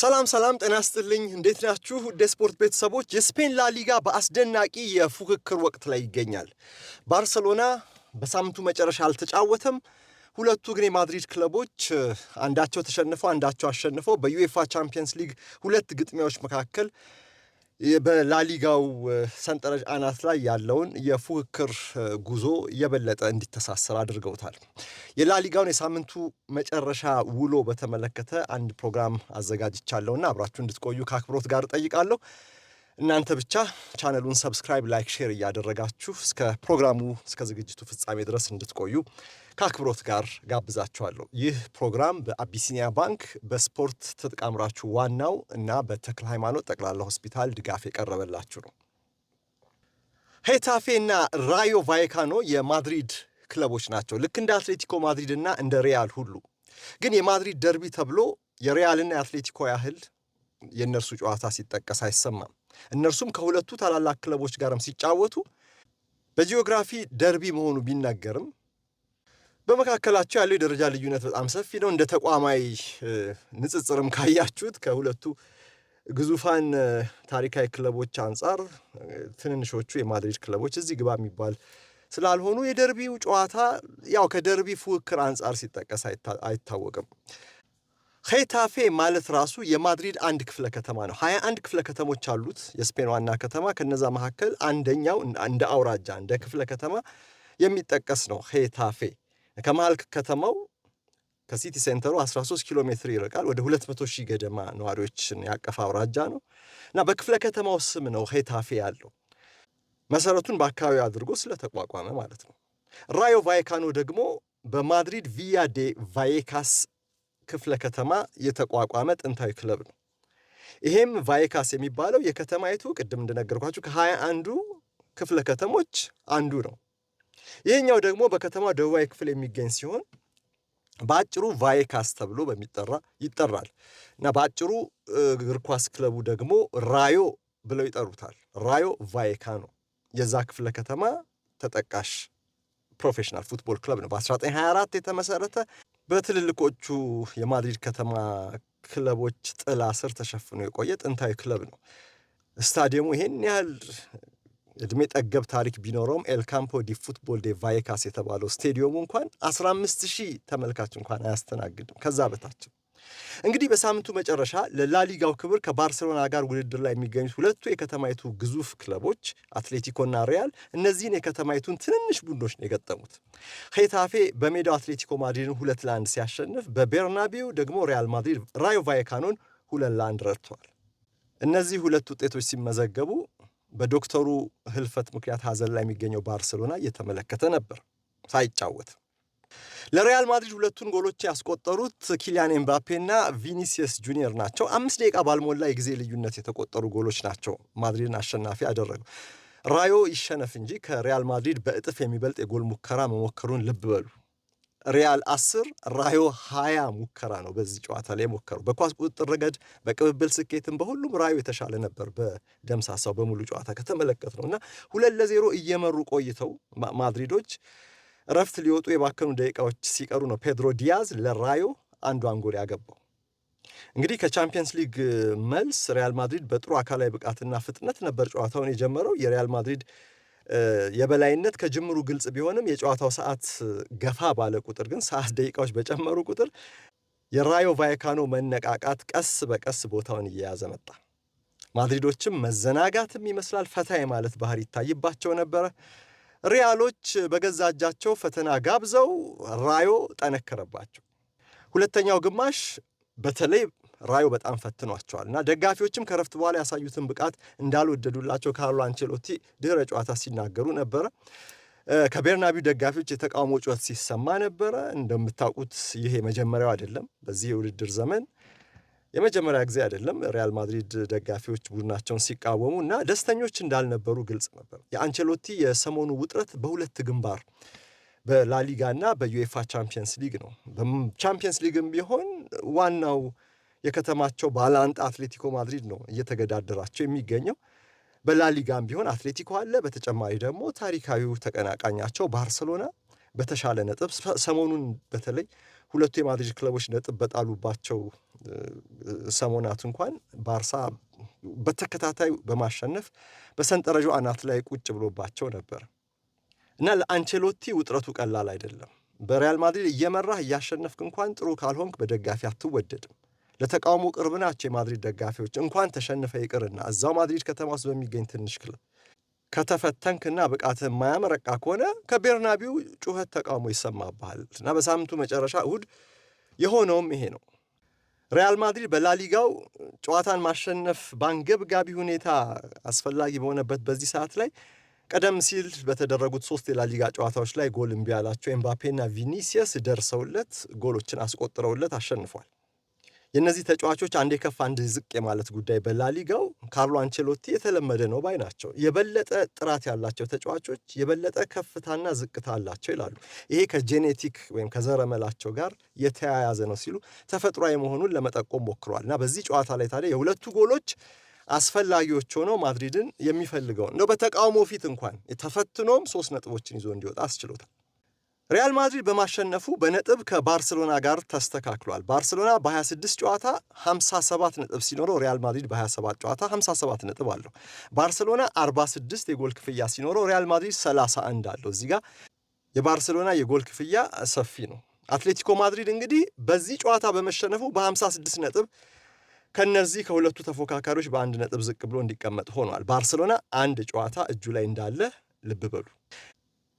ሰላም ሰላም፣ ጤና ስጥልኝ። እንዴት ናችሁ? ውድ ስፖርት ቤተሰቦች፣ የስፔን ላሊጋ በአስደናቂ የፉክክር ወቅት ላይ ይገኛል። ባርሰሎና በሳምንቱ መጨረሻ አልተጫወተም። ሁለቱ ግን የማድሪድ ክለቦች አንዳቸው ተሸንፈው አንዳቸው አሸንፈው በዩኤፋ ቻምፒየንስ ሊግ ሁለት ግጥሚያዎች መካከል በላሊጋው ሰንጠረዥ አናት ላይ ያለውን የፉክክር ጉዞ የበለጠ እንዲተሳሰር አድርገውታል። የላሊጋውን የሳምንቱ መጨረሻ ውሎ በተመለከተ አንድ ፕሮግራም አዘጋጅቻለሁና አብራችሁ እንድትቆዩ ከአክብሮት ጋር እጠይቃለሁ። እናንተ ብቻ ቻነሉን ሰብስክራይብ፣ ላይክ፣ ሼር እያደረጋችሁ እስከ ፕሮግራሙ እስከ ዝግጅቱ ፍጻሜ ድረስ እንድትቆዩ ከአክብሮት ጋር ጋብዛችኋለሁ። ይህ ፕሮግራም በአቢሲኒያ ባንክ በስፖርት ትጥቅ ዋናው እና በተክለ ሃይማኖት ጠቅላላ ሆስፒታል ድጋፍ የቀረበላችሁ ነው። ሄታፌ እና ራዮ ቫይካኖ የማድሪድ ክለቦች ናቸው። ልክ እንደ አትሌቲኮ ማድሪድ እና እንደ ሪያል ሁሉ ግን የማድሪድ ደርቢ ተብሎ የሪያልና የአትሌቲኮ ያህል የእነርሱ ጨዋታ ሲጠቀስ አይሰማም። እነርሱም ከሁለቱ ታላላቅ ክለቦች ጋርም ሲጫወቱ በጂኦግራፊ ደርቢ መሆኑ ቢነገርም በመካከላቸው ያለው የደረጃ ልዩነት በጣም ሰፊ ነው። እንደ ተቋማዊ ንጽጽርም ካያችሁት ከሁለቱ ግዙፋን ታሪካዊ ክለቦች አንጻር ትንንሾቹ የማድሪድ ክለቦች እዚህ ግባ የሚባል ስላልሆኑ የደርቢው ጨዋታ ያው ከደርቢ ፉክክር አንጻር ሲጠቀስ አይታወቅም። ሄታፌ ማለት ራሱ የማድሪድ አንድ ክፍለ ከተማ ነው። ሀያ አንድ ክፍለ ከተሞች አሉት የስፔን ዋና ከተማ። ከነዛ መካከል አንደኛው እንደ አውራጃ እንደ ክፍለ ከተማ የሚጠቀስ ነው ሄታፌ። ከመሀል ከተማው ከሲቲ ሴንተሩ 13 ኪሎ ሜትር ይርቃል። ወደ 200 ሺህ ገደማ ነዋሪዎችን ያቀፈ አውራጃ ነው እና በክፍለ ከተማው ስም ነው ሄታፌ ያለው መሰረቱን በአካባቢው አድርጎ ስለተቋቋመ ማለት ነው። ራዮ ቫይካኖ ደግሞ በማድሪድ ቪያ ዴ ቫይካስ ክፍለ ከተማ የተቋቋመ ጥንታዊ ክለብ ነው። ይሄም ቫይካስ የሚባለው የከተማይቱ ቅድም እንደነገርኳችሁ ከሀያ አንዱ ክፍለ ከተሞች አንዱ ነው። ይህኛው ደግሞ በከተማ ደቡባዊ ክፍል የሚገኝ ሲሆን በአጭሩ ቫይካስ ተብሎ በሚጠራ ይጠራል እና በአጭሩ እግር ኳስ ክለቡ ደግሞ ራዮ ብለው ይጠሩታል። ራዮ ነው የዛ ክፍለ ከተማ ተጠቃሽ ፕሮፌሽናል ፉትቦል ክለብ ነው። በ1924 የተመሰረተ በትልልቆቹ የማድሪድ ከተማ ክለቦች ጥላ ስር ተሸፍኖ የቆየ ጥንታዊ ክለብ ነው። ስታዲየሙ ይሄን ያህል እድሜ ጠገብ ታሪክ ቢኖረውም ኤልካምፖ ዲ ፉትቦል ዴ ቫይካስ የተባለው ስቴዲየሙ እንኳን 15 ሺህ ተመልካች እንኳን አያስተናግድም ከዛ በታችም። እንግዲህ በሳምንቱ መጨረሻ ለላሊጋው ክብር ከባርሴሎና ጋር ውድድር ላይ የሚገኙት ሁለቱ የከተማይቱ ግዙፍ ክለቦች አትሌቲኮና ሪያል እነዚህን የከተማይቱን ትንንሽ ቡድኖች ነው የገጠሙት። ሄታፌ በሜዳው አትሌቲኮ ማድሪድን ሁለት ለአንድ ሲያሸንፍ፣ በቤርናቢው ደግሞ ሪያል ማድሪድ ራዮ ቫይካኖን ሁለት ለአንድ ረድተዋል። እነዚህ ሁለት ውጤቶች ሲመዘገቡ በዶክተሩ ህልፈት ምክንያት ሀዘን ላይ የሚገኘው ባርሴሎና እየተመለከተ ነበር ሳይጫወት። ለሪያል ማድሪድ ሁለቱን ጎሎች ያስቆጠሩት ኪሊያን ኤምባፔና ቪኒሲየስ ጁኒየር ናቸው። አምስት ደቂቃ ባልሞላ የጊዜ ልዩነት የተቆጠሩ ጎሎች ናቸው ማድሪድን አሸናፊ አደረገው። ራዮ ይሸነፍ እንጂ ከሪያል ማድሪድ በእጥፍ የሚበልጥ የጎል ሙከራ መሞከሩን ልብ በሉ። ሪያል 10 ራዮ 20 ሙከራ ነው በዚህ ጨዋታ ላይ የሞከረው። በኳስ ቁጥጥር ረገድ በቅብብል ስኬትም በሁሉም ራዮ የተሻለ ነበር። በደምሳሳው በሙሉ ጨዋታ ከተመለከት ነው እና ሁለት ለዜሮ እየመሩ ቆይተው ማድሪዶች እረፍት ሊወጡ የባከኑ ደቂቃዎች ሲቀሩ ነው ፔድሮ ዲያዝ ለራዮ አንዱ አንጎል ያገባው። እንግዲህ ከቻምፒየንስ ሊግ መልስ ሪያል ማድሪድ በጥሩ አካላዊ ብቃትና ፍጥነት ነበር ጨዋታውን የጀመረው የሪያል ማድሪድ የበላይነት ከጅምሩ ግልጽ ቢሆንም የጨዋታው ሰዓት ገፋ ባለ ቁጥር ግን ሰዓት ደቂቃዎች በጨመሩ ቁጥር የራዮ ቫይካኖ መነቃቃት ቀስ በቀስ ቦታውን እየያዘ መጣ። ማድሪዶችም መዘናጋትም ይመስላል ፈታ የማለት ባህሪ ይታይባቸው ነበረ። ሪያሎች በገዛ እጃቸው ፈተና ጋብዘው ራዮ ጠነከረባቸው። ሁለተኛው ግማሽ በተለይ ራዮ በጣም ፈትኗቸዋል እና ደጋፊዎችም ከረፍት በኋላ ያሳዩትን ብቃት እንዳልወደዱላቸው ካርሎ አንቸሎቲ ድህረ ጨዋታ ሲናገሩ ነበረ። ከቤርናቢው ደጋፊዎች የተቃውሞ ጩኸት ሲሰማ ነበረ። እንደምታውቁት ይሄ መጀመሪያው አይደለም። በዚህ የውድድር ዘመን የመጀመሪያ ጊዜ አይደለም ሪያል ማድሪድ ደጋፊዎች ቡድናቸውን ሲቃወሙ እና ደስተኞች እንዳልነበሩ ግልጽ ነበር። የአንቸሎቲ የሰሞኑ ውጥረት በሁለት ግንባር በላሊጋ እና በዩኤፋ ቻምፒየንስ ሊግ ነው። በቻምፒየንስ ሊግም ቢሆን ዋናው የከተማቸው ባላንጣ አትሌቲኮ ማድሪድ ነው እየተገዳደራቸው የሚገኘው። በላሊጋም ቢሆን አትሌቲኮ አለ። በተጨማሪ ደግሞ ታሪካዊው ተቀናቃኛቸው ባርሰሎና በተሻለ ነጥብ ሰሞኑን በተለይ ሁለቱ የማድሪድ ክለቦች ነጥብ በጣሉባቸው ሰሞናት እንኳን ባርሳ በተከታታይ በማሸነፍ በሰንጠረዡ አናት ላይ ቁጭ ብሎባቸው ነበር እና ለአንቸሎቲ ውጥረቱ ቀላል አይደለም። በሪያል ማድሪድ እየመራህ እያሸነፍክ እንኳን ጥሩ ካልሆንክ በደጋፊ አትወደድም። ለተቃውሞ ቅርብ ናቸው የማድሪድ ደጋፊዎች። እንኳን ተሸንፈ ይቅርና እዛው ማድሪድ ከተማ ውስጥ በሚገኝ ትንሽ ክለብ ከተፈተንክና ብቃትህ የማያመረቃ ከሆነ ከቤርናቢው ጩኸት ተቃውሞ ይሰማብሃል እና በሳምንቱ መጨረሻ እሁድ የሆነውም ይሄ ነው። ሪያል ማድሪድ በላሊጋው ጨዋታን ማሸነፍ በአንገብጋቢ ሁኔታ አስፈላጊ በሆነበት በዚህ ሰዓት ላይ ቀደም ሲል በተደረጉት ሶስት የላሊጋ ጨዋታዎች ላይ ጎል እምቢ ያላቸው ኤምባፔና ቪኒሲየስ ደርሰውለት ጎሎችን አስቆጥረውለት አሸንፏል። የእነዚህ ተጫዋቾች አንድ የከፍ አንድ ዝቅ የማለት ጉዳይ በላሊጋው ካርሎ አንቸሎቲ የተለመደ ነው ባይ ናቸው። የበለጠ ጥራት ያላቸው ተጫዋቾች የበለጠ ከፍታና ዝቅታ አላቸው ይላሉ። ይሄ ከጄኔቲክ ወይም ከዘረመላቸው ጋር የተያያዘ ነው ሲሉ ተፈጥሯዊ መሆኑን ለመጠቆም ሞክረዋል እና በዚህ ጨዋታ ላይ ታዲያ የሁለቱ ጎሎች አስፈላጊዎች ሆነው ማድሪድን የሚፈልገውን እንደው በተቃውሞ ፊት እንኳን ተፈትኖም ሶስት ነጥቦችን ይዞ እንዲወጣ አስችሎታል። ሪያል ማድሪድ በማሸነፉ በነጥብ ከባርሰሎና ጋር ተስተካክሏል። ባርሰሎና በ26 ጨዋታ 57 ነጥብ ሲኖረው ሪያል ማድሪድ በ27 ጨዋታ 57 ነጥብ አለው። ባርሰሎና 46 የጎል ክፍያ ሲኖረው ሪያል ማድሪድ 31 አለው። እዚህ ጋር የባርሰሎና የጎል ክፍያ ሰፊ ነው። አትሌቲኮ ማድሪድ እንግዲህ በዚህ ጨዋታ በመሸነፉ በ56 ነጥብ ከነዚህ ከሁለቱ ተፎካካሪዎች በአንድ ነጥብ ዝቅ ብሎ እንዲቀመጥ ሆኗል። ባርሰሎና አንድ ጨዋታ እጁ ላይ እንዳለ ልብ በሉ።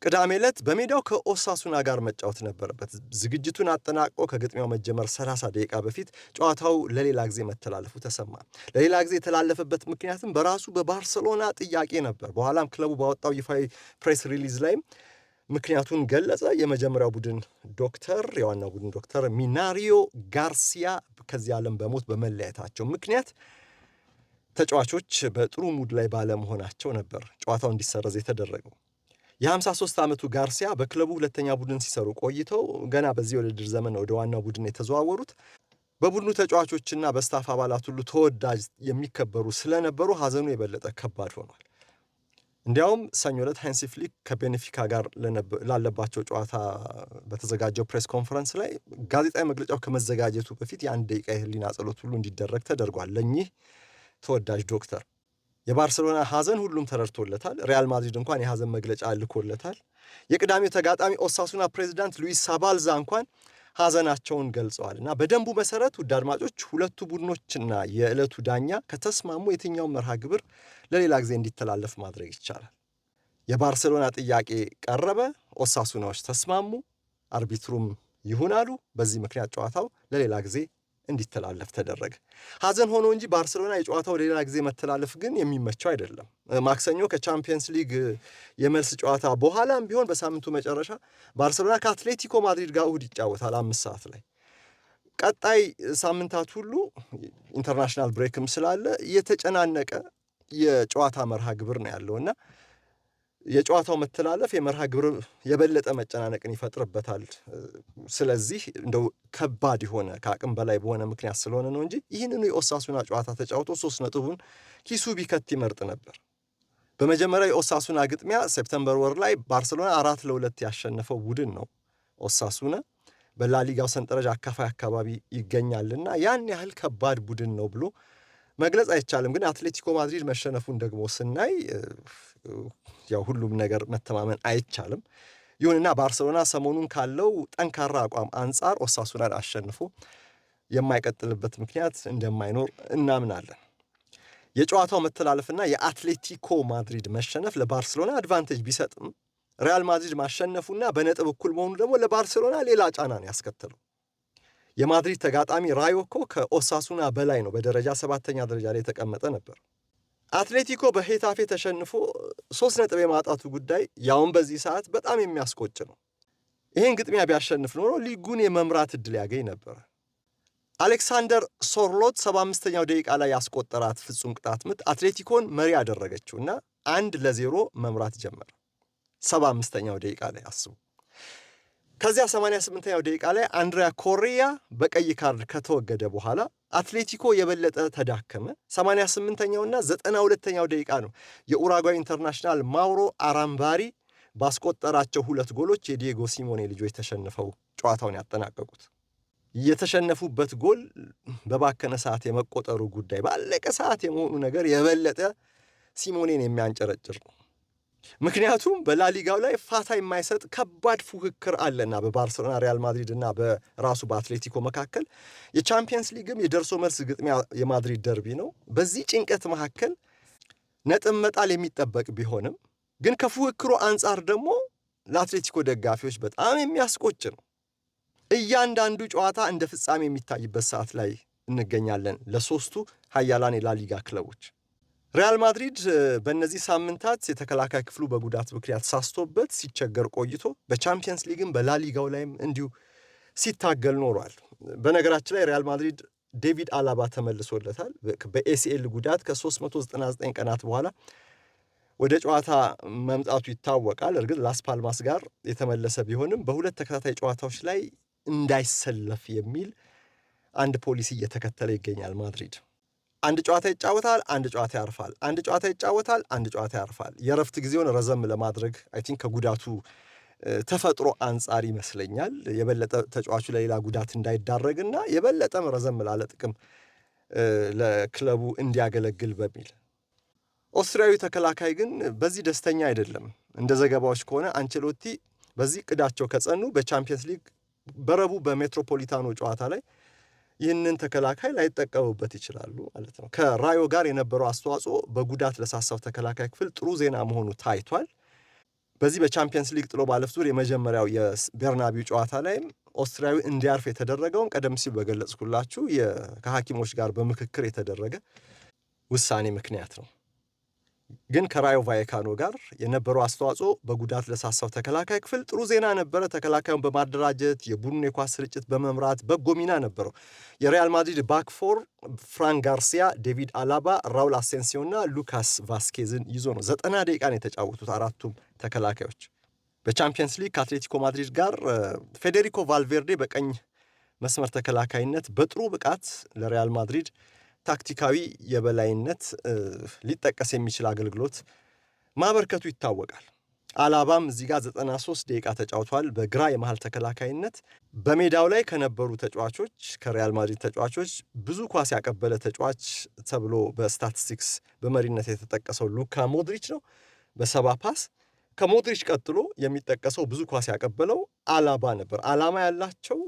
ቅዳሜ ዕለት በሜዳው ከኦሳሱና ጋር መጫወት ነበረበት። ዝግጅቱን አጠናቅቆ ከግጥሚያው መጀመር 30 ደቂቃ በፊት ጨዋታው ለሌላ ጊዜ መተላለፉ ተሰማ። ለሌላ ጊዜ የተላለፈበት ምክንያትም በራሱ በባርሰሎና ጥያቄ ነበር። በኋላም ክለቡ ባወጣው ይፋዊ ፕሬስ ሪሊዝ ላይ ምክንያቱን ገለጸ። የመጀመሪያው ቡድን ዶክተር የዋናው ቡድን ዶክተር ሚናሪዮ ጋርሲያ ከዚህ ዓለም በሞት በመለያየታቸው ምክንያት ተጫዋቾች በጥሩ ሙድ ላይ ባለመሆናቸው ነበር ጨዋታው እንዲሰረዝ የተደረገው። የ53 ዓመቱ ጋርሲያ በክለቡ ሁለተኛ ቡድን ሲሰሩ ቆይተው ገና በዚህ ውድድር ዘመን ወደ ዋናው ቡድን የተዘዋወሩት በቡድኑ ተጫዋቾችና በስታፍ አባላት ሁሉ ተወዳጅ የሚከበሩ ስለነበሩ ሀዘኑ የበለጠ ከባድ ሆኗል። እንዲያውም ሰኞ ዕለት ሃንሲ ፍሊክ ከቤኔፊካ ጋር ላለባቸው ጨዋታ በተዘጋጀው ፕሬስ ኮንፈረንስ ላይ ጋዜጣዊ መግለጫው ከመዘጋጀቱ በፊት የአንድ ደቂቃ የህሊና ጸሎት ሁሉ እንዲደረግ ተደርጓል ለእኚህ ተወዳጅ ዶክተር የባርሴሎና ሀዘን ሁሉም ተረድቶለታል። ሪያል ማድሪድ እንኳን የሀዘን መግለጫ ልኮለታል። የቅዳሜው ተጋጣሚ ኦሳሱና ፕሬዚዳንት ሉዊስ ሳባልዛ እንኳን ሀዘናቸውን ገልጸዋል እና በደንቡ መሰረት ውድ አድማጮች ሁለቱ ቡድኖችና የዕለቱ ዳኛ ከተስማሙ የትኛውን መርሃ ግብር ለሌላ ጊዜ እንዲተላለፍ ማድረግ ይቻላል። የባርሴሎና ጥያቄ ቀረበ፣ ኦሳሱናዎች ተስማሙ፣ አርቢትሩም ይሁን አሉ። በዚህ ምክንያት ጨዋታው ለሌላ ጊዜ እንዲተላለፍ ተደረገ። ሐዘን ሆኖ እንጂ ባርሴሎና የጨዋታው ሌላ ጊዜ መተላለፍ ግን የሚመቸው አይደለም። ማክሰኞ ከቻምፒየንስ ሊግ የመልስ ጨዋታ በኋላም ቢሆን በሳምንቱ መጨረሻ ባርሴሎና ከአትሌቲኮ ማድሪድ ጋር እሁድ ይጫወታል አምስት ሰዓት ላይ። ቀጣይ ሳምንታት ሁሉ ኢንተርናሽናል ብሬክም ስላለ የተጨናነቀ የጨዋታ መርሃ ግብር ነው ያለውና የጨዋታው መተላለፍ የመርሃ ግብር የበለጠ መጨናነቅን ይፈጥርበታል። ስለዚህ እንደው ከባድ የሆነ ከአቅም በላይ በሆነ ምክንያት ስለሆነ ነው እንጂ ይህንኑ የኦሳሱና ጨዋታ ተጫውቶ ሶስት ነጥቡን ኪሱ ቢከት ይመርጥ ነበር። በመጀመሪያው የኦሳሱና ግጥሚያ ሴፕተምበር ወር ላይ ባርሰሎና አራት ለሁለት ያሸነፈው ቡድን ነው። ኦሳሱና በላሊጋው ሰንጠረዥ አካፋይ አካባቢ ይገኛልና ያን ያህል ከባድ ቡድን ነው ብሎ መግለጽ አይቻልም። ግን አትሌቲኮ ማድሪድ መሸነፉን ደግሞ ስናይ ያው ሁሉም ነገር መተማመን አይቻልም። ይሁንና ባርሰሎና ሰሞኑን ካለው ጠንካራ አቋም አንጻር ኦሳሱናን አሸንፎ የማይቀጥልበት ምክንያት እንደማይኖር እናምናለን። የጨዋታው መተላለፍና የአትሌቲኮ ማድሪድ መሸነፍ ለባርሰሎና አድቫንቴጅ ቢሰጥም ሪያል ማድሪድ ማሸነፉና በነጥብ እኩል መሆኑ ደግሞ ለባርሰሎና ሌላ ጫና ነው ያስከተለው። የማድሪድ ተጋጣሚ ራዮኮ ከኦሳሱና በላይ ነው፣ በደረጃ ሰባተኛ ደረጃ ላይ የተቀመጠ ነበር። አትሌቲኮ በሄታፌ ተሸንፎ ሶስት ነጥብ የማጣቱ ጉዳይ ያውን በዚህ ሰዓት በጣም የሚያስቆጭ ነው። ይህን ግጥሚያ ቢያሸንፍ ኖሮ ሊጉን የመምራት እድል ያገኝ ነበር። አሌክሳንደር ሶርሎት 75ኛው ደቂቃ ላይ ያስቆጠራት ፍጹም ቅጣት ምት አትሌቲኮን መሪ ና አንድ ለዜሮ መምራት ጀመረ። 75ኛው ደቂቃ ላይ አስቡ። ከዚያ 88ኛው ደቂቃ ላይ አንድሪያ ኮሪያ በቀይ ካርድ ከተወገደ በኋላ አትሌቲኮ የበለጠ ተዳከመ። 88ኛውና 92ኛው ደቂቃ ነው የኡራጓይ ኢንተርናሽናል ማውሮ አራምባሪ ባስቆጠራቸው ሁለት ጎሎች የዲየጎ ሲሞኔ ልጆች ተሸንፈው ጨዋታውን ያጠናቀቁት። የተሸነፉበት ጎል በባከነ ሰዓት የመቆጠሩ ጉዳይ፣ ባለቀ ሰዓት የመሆኑ ነገር የበለጠ ሲሞኔን የሚያንጨረጭር ነው። ምክንያቱም በላሊጋው ላይ ፋታ የማይሰጥ ከባድ ፉክክር አለና በባርሰሎና ሪያል ማድሪድ እና በራሱ በአትሌቲኮ መካከል የቻምፒየንስ ሊግም የደርሶ መልስ ግጥሚያ የማድሪድ ደርቢ ነው። በዚህ ጭንቀት መካከል ነጥብ መጣል የሚጠበቅ ቢሆንም ግን ከፉክክሩ አንጻር ደግሞ ለአትሌቲኮ ደጋፊዎች በጣም የሚያስቆጭ ነው። እያንዳንዱ ጨዋታ እንደ ፍጻሜ የሚታይበት ሰዓት ላይ እንገኛለን ለሶስቱ ሀያላን የላሊጋ ክለቦች ሪያል ማድሪድ በእነዚህ ሳምንታት የተከላካይ ክፍሉ በጉዳት ምክንያት ሳስቶበት ሲቸገር ቆይቶ በቻምፒየንስ ሊግም በላሊጋው ላይም እንዲሁ ሲታገል ኖሯል። በነገራችን ላይ ሪያል ማድሪድ ዴቪድ አላባ ተመልሶለታል። በኤሲኤል ጉዳት ከ399 ቀናት በኋላ ወደ ጨዋታ መምጣቱ ይታወቃል። እርግጥ ላስ ፓልማስ ጋር የተመለሰ ቢሆንም በሁለት ተከታታይ ጨዋታዎች ላይ እንዳይሰለፍ የሚል አንድ ፖሊሲ እየተከተለ ይገኛል ማድሪድ። አንድ ጨዋታ ይጫወታል፣ አንድ ጨዋታ ያርፋል፣ አንድ ጨዋታ ይጫወታል፣ አንድ ጨዋታ ያርፋል። የእረፍት ጊዜውን ረዘም ለማድረግ አይ ቲንክ ከጉዳቱ ተፈጥሮ አንጻር ይመስለኛል የበለጠ ተጫዋቹ ለሌላ ጉዳት እንዳይዳረግና የበለጠም ረዘም ላለ ጥቅም ለክለቡ እንዲያገለግል በሚል ኦስትሪያዊ ተከላካይ ግን በዚህ ደስተኛ አይደለም። እንደ ዘገባዎች ከሆነ አንቸሎቲ በዚህ ቅዳቸው ከጸኑ በቻምፒየንስ ሊግ በረቡ በሜትሮፖሊታኖ ጨዋታ ላይ ይህንን ተከላካይ ላይጠቀሙበት ይችላሉ ማለት ነው። ከራዮ ጋር የነበረው አስተዋጽኦ በጉዳት ለሳሳው ተከላካይ ክፍል ጥሩ ዜና መሆኑ ታይቷል። በዚህ በቻምፒየንስ ሊግ ጥሎ ባለፍ ዙር የመጀመሪያው የቤርናቢው ጨዋታ ላይም ኦስትሪያዊ እንዲያርፍ የተደረገውን ቀደም ሲል በገለጽኩላችሁ ከሐኪሞች ጋር በምክክር የተደረገ ውሳኔ ምክንያት ነው። ግን ከራዮ ቫይካኖ ጋር የነበረው አስተዋጽኦ በጉዳት ለሳሳው ተከላካይ ክፍል ጥሩ ዜና ነበረ። ተከላካዩን በማደራጀት የቡድን የኳስ ስርጭት በመምራት በጎ ሚና ነበረው። የሪያል ማድሪድ ባክፎር ፍራን ጋርሲያ፣ ዴቪድ አላባ፣ ራውል አሴንሲዮ እና ሉካስ ቫስኬዝን ይዞ ነው ዘጠና ደቂቃን የተጫወቱት አራቱም ተከላካዮች። በቻምፒየንስ ሊግ ከአትሌቲኮ ማድሪድ ጋር ፌዴሪኮ ቫልቬርዴ በቀኝ መስመር ተከላካይነት በጥሩ ብቃት ለሪያል ማድሪድ ታክቲካዊ የበላይነት ሊጠቀስ የሚችል አገልግሎት ማበርከቱ ይታወቃል። አላባም እዚህ ጋር 93 ደቂቃ ተጫውቷል በግራ የመሃል ተከላካይነት። በሜዳው ላይ ከነበሩ ተጫዋቾች ከሪያል ማድሪድ ተጫዋቾች ብዙ ኳስ ያቀበለ ተጫዋች ተብሎ በስታቲስቲክስ በመሪነት የተጠቀሰው ሉካ ሞድሪች ነው በሰባ ፓስ። ከሞድሪች ቀጥሎ የሚጠቀሰው ብዙ ኳስ ያቀበለው አላባ ነበር። አላማ ያላቸው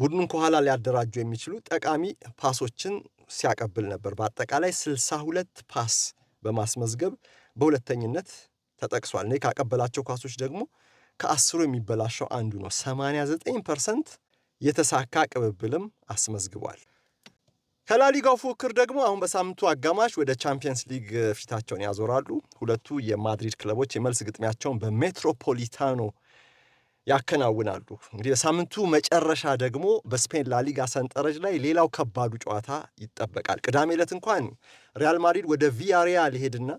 ቡድኑን ከኋላ ሊያደራጁ የሚችሉ ጠቃሚ ፓሶችን ሲያቀብል ነበር። በአጠቃላይ 62 ፓስ በማስመዝገብ በሁለተኝነት ተጠቅሷል። እኔ ካቀበላቸው ኳሶች ደግሞ ከአስሩ የሚበላሸው አንዱ ነው። 89 ፐርሰንት የተሳካ ቅብብልም አስመዝግቧል። ከላሊጋው ፉክክር ደግሞ አሁን በሳምንቱ አጋማሽ ወደ ቻምፒየንስ ሊግ ፊታቸውን ያዞራሉ። ሁለቱ የማድሪድ ክለቦች የመልስ ግጥሚያቸውን በሜትሮፖሊታኖ ያከናውናሉ። እንግዲህ በሳምንቱ መጨረሻ ደግሞ በስፔን ላሊጋ ሰንጠረዥ ላይ ሌላው ከባዱ ጨዋታ ይጠበቃል። ቅዳሜ ዕለት እንኳን ሪያል ማድሪድ ወደ ቪያሪያል ሊሄድና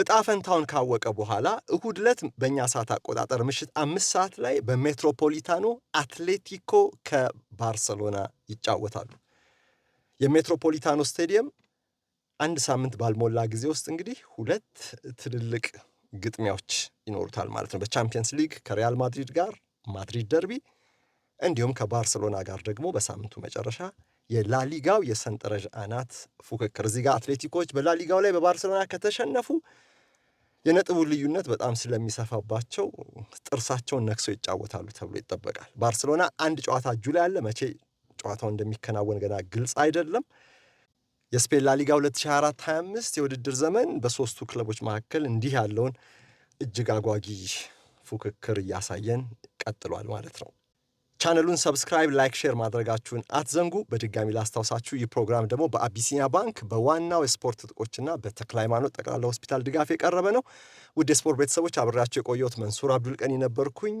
እጣ ፈንታውን ካወቀ በኋላ እሁድ ዕለት በእኛ ሰዓት አቆጣጠር ምሽት አምስት ሰዓት ላይ በሜትሮፖሊታኖ አትሌቲኮ ከባርሰሎና ይጫወታሉ። የሜትሮፖሊታኖ ስቴዲየም አንድ ሳምንት ባልሞላ ጊዜ ውስጥ እንግዲህ ሁለት ትልልቅ ግጥሚያዎች ይኖሩታል ማለት ነው። በቻምፒየንስ ሊግ ከሪያል ማድሪድ ጋር ማድሪድ ደርቢ፣ እንዲሁም ከባርሰሎና ጋር ደግሞ በሳምንቱ መጨረሻ የላሊጋው የሰንጠረዥ አናት ፉክክር። እዚህ ጋር አትሌቲኮች በላሊጋው ላይ በባርሰሎና ከተሸነፉ የነጥቡ ልዩነት በጣም ስለሚሰፋባቸው ጥርሳቸውን ነክሰው ይጫወታሉ ተብሎ ይጠበቃል። ባርሰሎና አንድ ጨዋታ እጁ ላይ አለ። መቼ ጨዋታው እንደሚከናወን ገና ግልጽ አይደለም። የስፔን ላሊጋ 2024/25 የውድድር ዘመን በሶስቱ ክለቦች መካከል እንዲህ ያለውን እጅግ አጓጊ ፉክክር እያሳየን ቀጥሏል ማለት ነው። ቻነሉን ሰብስክራይብ፣ ላይክ፣ ሼር ማድረጋችሁን አትዘንጉ። በድጋሚ ላስታውሳችሁ ይህ ፕሮግራም ደግሞ በአቢሲኒያ ባንክ በዋናው የስፖርት ትጥቆችና በተክለ ሃይማኖት ጠቅላላ ሆስፒታል ድጋፍ የቀረበ ነው። ውድ የስፖርት ቤተሰቦች አብሬያቸው የቆየሁት መንሱር አብዱልቀኒ ነበርኩኝ።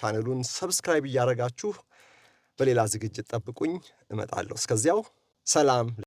ቻነሉን ሰብስክራይብ እያደረጋችሁ በሌላ ዝግጅት ጠብቁኝ፣ እመጣለሁ። እስከዚያው ሰላም።